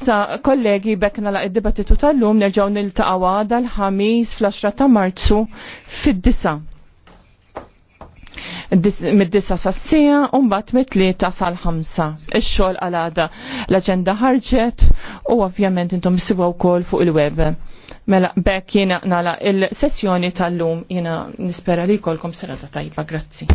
Issa, kollegi, bekna laq id-dibattitu tal-lum nerġaw nil-taqaw għada l-ħamis fl-10 ta' marzu fid-disa. Mid-disa sassija, un-bat mit-tlieta sal-ħamsa. Ix-xol għal-għada l-agenda ħarġet u ovvjament intom s-sibaw kol fuq il-web. Mela, bekk jina nala il-sessjoni tal-lum jina nispera li kolkom serata tajba, grazzi.